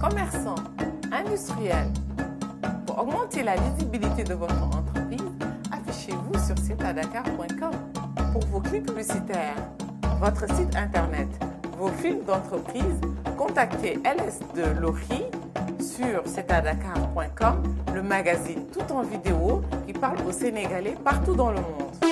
commerçants, industriels. Pour augmenter la visibilité de votre entreprise, affichez-vous sur CETADAKAR.COM pour vos clips publicitaires, votre site internet, vos films d'entreprise. Contactez LS de Lori sur cetadakar.com, le magazine tout en vidéo qui parle aux Sénégalais partout dans le monde.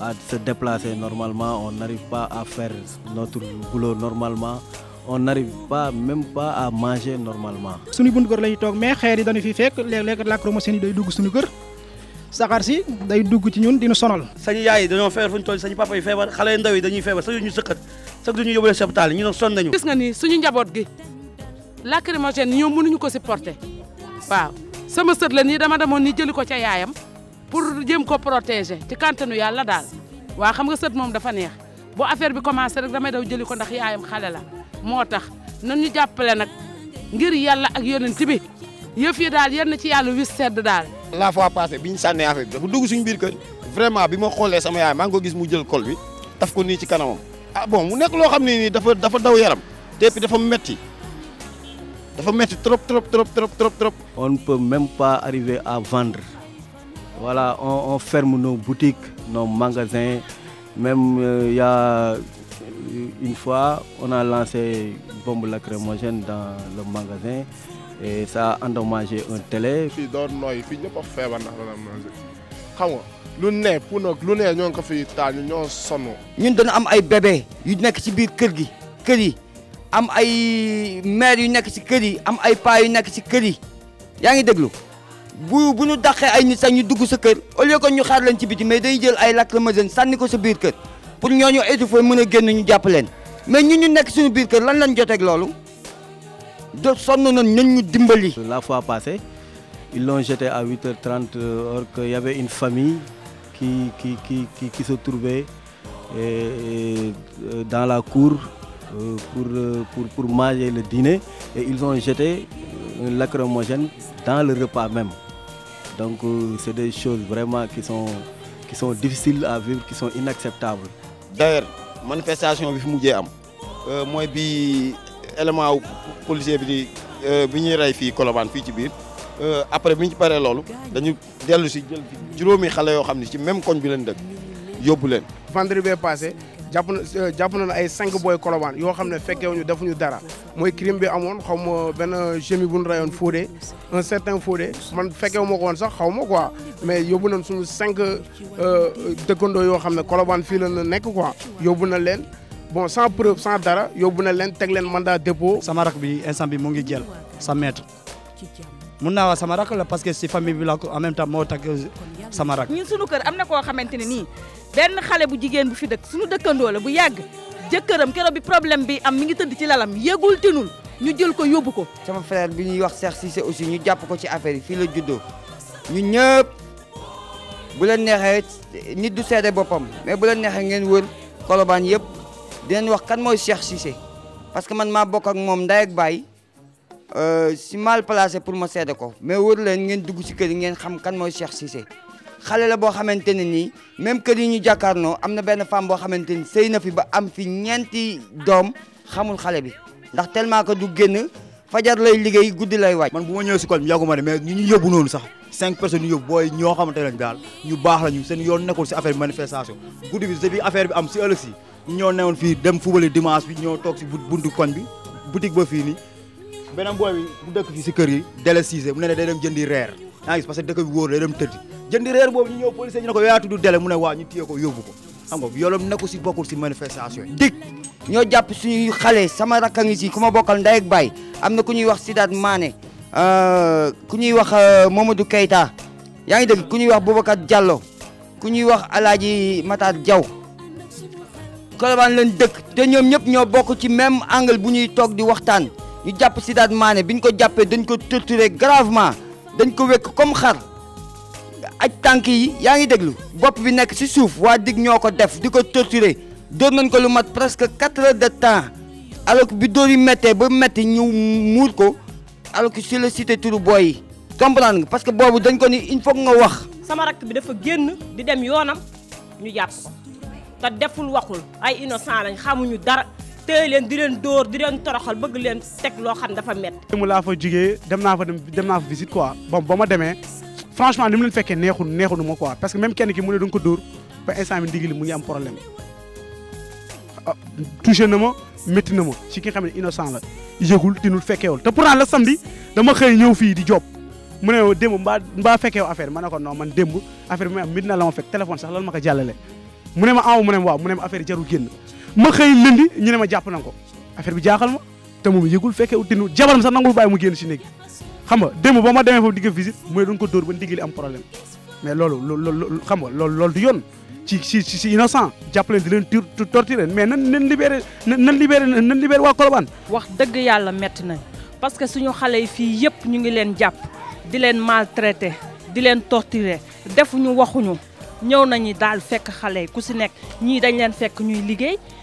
à se déplacer normalement, on n'arrive pas à faire notre boulot normalement. on n'arrive pas même pas à manger normalement. suñu bunt gor lay tok mais xeer yi dañu fi fekk léeg-léeg lacrymogène yi doy dugg suñu gër. saxaar si day dugg ci ñun dina sonal. sañu yaay dañu dañoo fuñ fu ñu toll sañu papa yi feebar xalé yu ndaw yi dañuy feebar sax ñu sëqat sax du ñu yóbbu leen hôpital ñu ne sonn nañu. gis nga ni suñu njaboot gi lacrymogène ñoom mënuñu ko supporter waaw sama sët la ni dama demoon ni jëli ko ca yaayam pour jéem ko protéger ci kàntanu yalla dal wa xam nga seut mom dafa neex bu affaire bi commencé rek damay daw jëli ko ndax yaayam xale la motax nañu nan nak ngir yalla ak yonent bi yëf yi dal yenn ci yalla wiss sedd dal la fois passée bi sané affaire dafa dugg suñu biir kër vraiment bima ma sama yaay ma nga gis mu jël col bi taf ko ni ci kanamam ah bon mu nek lo xamni ni dafa dafa daw yaram te dafa metti dafa metti trop trop trop trop trop trop. on peut même pas arriver à vendre. Voilà, on, on ferme nos boutiques, nos magasins. Même euh, il y a euh, une fois, on a lancé une bombe lacrymogène dans le magasin et ça a endommagé un télé. lu ne pour lu ne ñoo ngi ko fi taal ñu ñoo sonn. ñun dañu am ay bébé yu nekk ci biir kër gi kër yi am ay mère yu nekk ci kër yi am ay paa yu nekk ci kër yi yaa ngi bu bu ñu dàqee ay nit sax ñu dugg sa kër au lieu que ñu xaar lañ ci biti mais day jël ay lacrymogène sanni ko sa biir kër pour ñooñu étouffé mëna a génn ñu jàpp leen mais ñun ñu nekk suñu biir kër lan lañ jotté ak loolu de sonn nañ nañ ñu dimbali. la fois passée ils l'ont jeté à 8h30 alors qu'il y avait une famille qui qui qui qui, qui se trouvait et, et euh, dans la cour euh, pour euh, pour pour manger le dîner et ils ont jeté un lacrymogène dans le repas même. Donc c'est des choses vraiment qui sont, qui sont difficiles à vivre, qui sont inacceptables. D'ailleurs, manifestation bi fi mujjee am euh, mooy bi élément wu policier bi di euh, bi ñuy rey fii Colobane fii ci biir euh, après bi ñu ci paree loolu dañu dellu si jël juróomi xale yoo xam ne ci même koñ bi leen dëkk yóbbu leen. vendredi passé jàpp na jàpp ay 5 boy kolobaan yo xam ne fekkewuñu defuñu dara moy crime bi amone xaw ben jemi gémi rayon ñu Fodé un certain Fodé man fekkewu ma ko woon sax xaw quoi mais yóbbu nañ suñu cinq euh, dëkkandoo yoo yo ne kolobaan fi la nek quoi yobuna len bon sans preuve sans dara yobuna len leen len mandat dépôt. sama rak bi instant bi mo ngi jël sa maître muna wa wax la parce que si famille bi la ko en même temps mo takk sama rakk ñun suñu kër amna ko xamanteni ni ben xalé bu jigen bu fi dekk suñu dekkando la bu yag jëkkëram kéro bi problème bi am mi ngi tedd ci lalam yegul tinul ñu jël ko yobbu ko sama frère bi ñuy wax Cheikh Cissé aussi ñu japp ko ci affaire yi fii la juddo ñun ñëpp bu len nexé nit du sédé bopam mais bu len nexé ngeen wër kolobaan yëpp dinañ wax kan moy Cheikh Cissé parce que man ma bok ak mom nday ak baay Euh, si mal placé pour ma seede ko mais wër leen ngeen dugg si kër yi ngeen xam kan mooy si Cissé xale la boo xamante ne nii même kër yi ñu noo am na benn femme boo xamante ni sëy na fi ba am fi ñeenti doom xamul xale bi ndax tellement que du génn fajar lay liggéey guddi lay waaj. man bu ma ñëwee si koñ bi yàggu ma ne mais ñu ñu yóbbu noonu sax cinq personnes ñu yóbbu booy ñoo xamante ne daal ñu baax lañu seen yoon nekkul si affaire bi manifestation guddi bi affaire bi am si ëllëg si ñoo newoon fii dem fubali dimanche bi ñoo toog si buntu koñ bi boutique ba fii nii benam boy bi bu dekk ci si kër yi dele siise mu ne day dem jëndi reer yaa gis parce que dekk bi woor day dem teud jëndi reer bobu ñu ñëw police ñu ko yaa tudd dele mu ne wa ñu tiyé ko yobbu ko xam nga yoolom nekku ci bokul ci manifestation dik ñoo jàpp suñuy xalé sama rakka ngi si ku ma bokkal ak bay amna ku ñuy wax sidat Mané euh, ku ñuy wax euh, Mamadou Keita ya ngi dégg ku ñuy wax Boubacar Diallo ku ñuy wax Alaaji Matar Diaw ban leen dekk te ñom ñep ño bokku ci même angle bu ñuy tok di waxtaan ñu jàpp Sidaat Mané bi ñu ko jàppee dañ ko torturé gravement dañ ko wékk comme xar ak tànk yi yaa ngi déglu bopp bi nekk ci suuf waa dig ñoo ko def di ko torturé door nañ ko lu mat presque quatre heures de temps alors bi dóor yi méttee ba métti ñu muur ko alors que sur le cité turu booy yi comprendre nga parce que boobu dañ ko ni il faut nga wax. sama rakk bi dafa génn di dem yoonam ñu jàpp ko te deful waxul ay innocent lañ xamuñu dara. tey leen di leen dóor di leen toroxal bëgg leen teg lo xam dafa metti mu la fa jugee dem na fa dem na fa visite quoi bon bama ma franchement limu mu leen fekkee neexul neexul ma quoi parce que même kenn ki mu ne da ko dóor ba instant mi ndigli mu ngi am problème ah, touché na ma metti na ma ci ki xamni xam ne innocent la yëgul tinul fekkeewul te pourtant le samedi dama xey ñëw fi di job mu ne démb mbaa mbaa fekkeew affaire ma ko non man demb affaire bi may am mit na la ma fekk téléphone sax lan ma ko jàllale mu ne ma aw ah, mu ne ma waaw mu ne ma affaire jaru génn ma xëy lundi ñu ne ma jàpp na ko affaire bi jaaxal ma te moom yëgul fekkee utinu jabaram sax nangul bàyyi mu génn si néeg xam nga démb ba ma demee foofu digg visite mooy doon ko dóor ba ndigg li am problème mais loolu loolu xam nga loolu loolu du yoon ci ci ci innocent jàpp leen di leen tur torturer mais nan nan libéré nan libéré nan libéré waa Colobane. wax dëgg yàlla métti nañ parce que suñu xale yi fii yëpp ñu ngi leen jàpp di leen maltraité di leen torturer defuñu waxuñu ñëw nañu daal fekk xale yi ku si nekk ñii dañ leen fekk ñuy liggéey.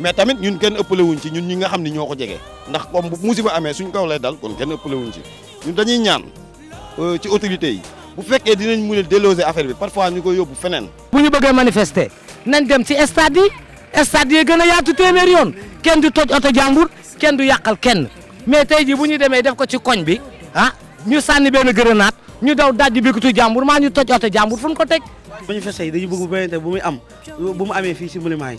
mais tamit ñun kenn ëppale wuñ ci ñun ñi nga xam ni ñoo ko jege ndax comme bu musiba amee suñ kaw lay dal kon kenn ëppale wuñ ci ñun dañuy ñaan euh, ci autorité yi bu fekkee dinañ mën a affaire bi parfois ñu koy yóbbu feneen. bu ñu bëggee manifester nañ dem ci stade stade yi gën a yaatu yoon kenn du toj oto jàmbur kenn du yàqal kenn mais tey jii bu ñu demee def ko ci koñ bi ah ñu sànni benn grenade ñu daw dajji bikutu jàmbur maa ñu toj oto jàmbur fu ñu ko teg. manifester yi dañu bëgg bu bayante bu muy am bu mu amee fii si monument yi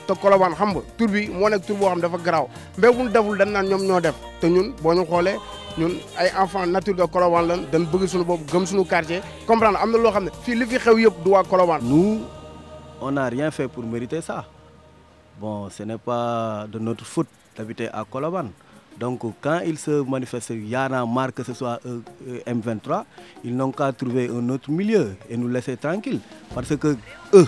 te Colobane xam nga tur bi moo nekk tur boo xam dafa garaaw mbéyum deful dañ naan ñoom ñoo def te ñun boo ñu xoolee ñun ay enfant nature de Colobane lan dañ bëgg suñu bopp gëm suñu quartier comprendre am na loo xam ne fii li fi xew yëpp du waa Colobane. nous on a rien fait pour mériter ça bon ce n'est pas de notre faute d'habiter à Colobane donc quand ils se manifestent il y en a marre que ce soit euh, M23 ils n'ont qu'à trouver un autre milieu et nous laisser tranquilles. parce que eux.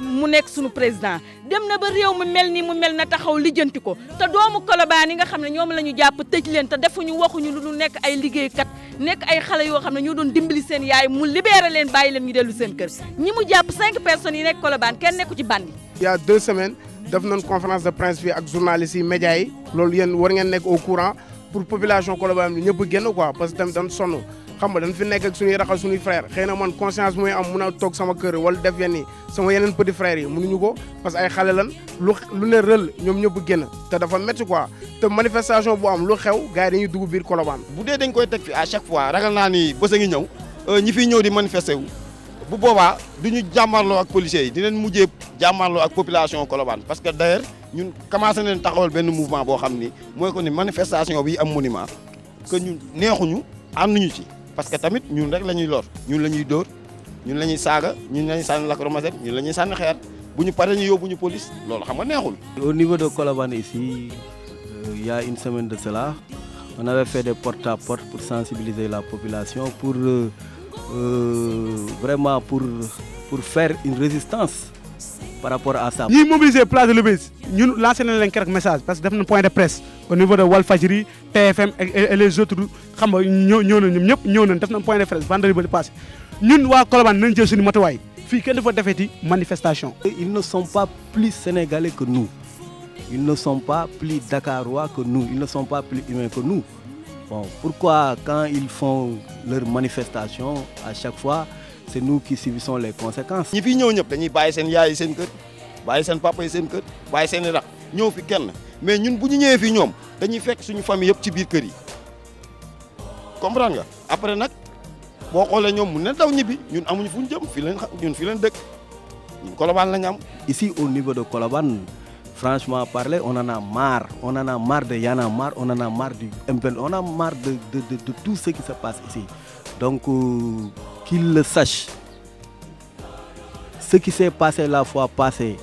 mu nek suñu président dem na ba réew mu melni mu mel na taxaw lijjanti ko te doomu Colobane yi nga xamne ñom lañu japp ñu jàpp tëj leen te defuñu waxuñu lu dul nekk ay kat nek ay xalé yo xamne ne ñoo doon dimbali seen yaay mu libéré leen bàyyi leen ñu delu seen kër ñi mu japp 5 personnes yi nek Colobane kenn nekku ci bandi il y a deux semaines def nañ conférence de presse fii ak journalistes yi médias yi loolu yeen war ngeen nek au courant pour population Colobane ñepp ñëpp quoi parce que tamit dañ sonn xam nga dañ fi nekk ak suñuy raxal suñuy frère xëy na man conscience muy am mun a toog sama kër wala def yenn yi sama yeneen petit frère yi mënuñu ko parce que ay xale lan lu lu ne rël ñoom ñëpp génn te dafa metti quoi te manifestation bu am lu xew gars yi dañuy dugg biir Colobane bu dee dañ koy teg fi à chaque fois ragal naa ni bés a ngi ñëw euh, ñi fi ñëw di manifester wu bu boobaa du ñu jàmmarloo ak policiers yi dinañ mujjee jàmmarloo ak population koloban parce que d'ailleurs ñun commencé nañ taxawal benn mouvement boo xam ni mooy ko ni manifestation bi am monument que ñun neexuñu ànduñu ci parce que tamit ñun rek lañuy ñuy lor ñun lañuy ñuy dóor ñun la ñuy saaga ñun la ñuy sànni ñun la san sànni xeer bu ñu paree ñu yóbbu ñu police loolu xam nga neexul. au niveau de Colabane ici euh, il y a une semaine de cela on avait fait des porte à porte pour sensibiliser la population pour euh, euh vraiment pour pour faire une résistance par rapport à ça. Nous mobiliser place de l'Obélisque ñun lancé nañ leen message parce que def na point de presse au niveau de Walfajiri, TFM et les autres nous, nga ñoo ñëw nañ ñoom de presse. Ils def na point de presse vendredi ba passé ñun waa Colobane nañ jël suñu matuwaay fii kenn dafa defeeti manifestation. ils ne sont pas plus sénégalais que nous ils ne sont pas plus dakarois que nous ils ne sont pas plus humains que nous bon pourquoi quand ils font leur manifestation à chaque fois c'est nous qui subissons les conséquences. Nous fi ñëw ñëpp dañuy bàyyi ont yaay leur mère, kër bàyyi seen papa yi seen kër bàyyi seen i rakk fi mais nous, si nous sommes fi ñoom dañuy fekk suñu famille yëpp ci biir kër yi comprendre nga après si on xoolee ñoom mun na daw ñibbi ñun amuñu fu ñu jëm fii leen ñun leen Colobane ici au niveau de Colobane franchement parler on en a marre on en a marre de Yana, marre on en a marre du MPL, on en a marre de de de tout ce qui se passe ici. Donc, euh, qu'il qu'ils le sachent. Ce qui s'est passé la fois passée,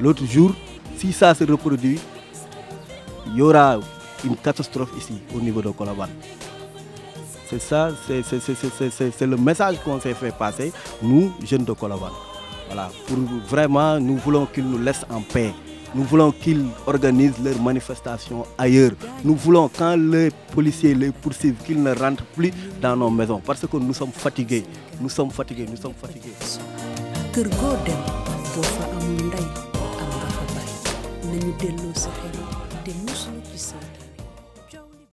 l'autre jour, si ça se reproduit, il y aura une catastrophe ici, au niveau de Colabane. C'est ça, c'est le message qu'on s'est fait passer, nous, jeunes de Colabane. Voilà, pour vraiment, nous voulons qu'ils nous laissent en paix. Nous voulons qu'ils organisent leurs manifestations ailleurs. Nous voulons, quand les policiers les poursuivent, qu'ils ne rentrent plus dans nos maisons parce que nous sommes fatigués. Nous sommes fatigués, nous sommes fatigués. Nous sommes fatigués.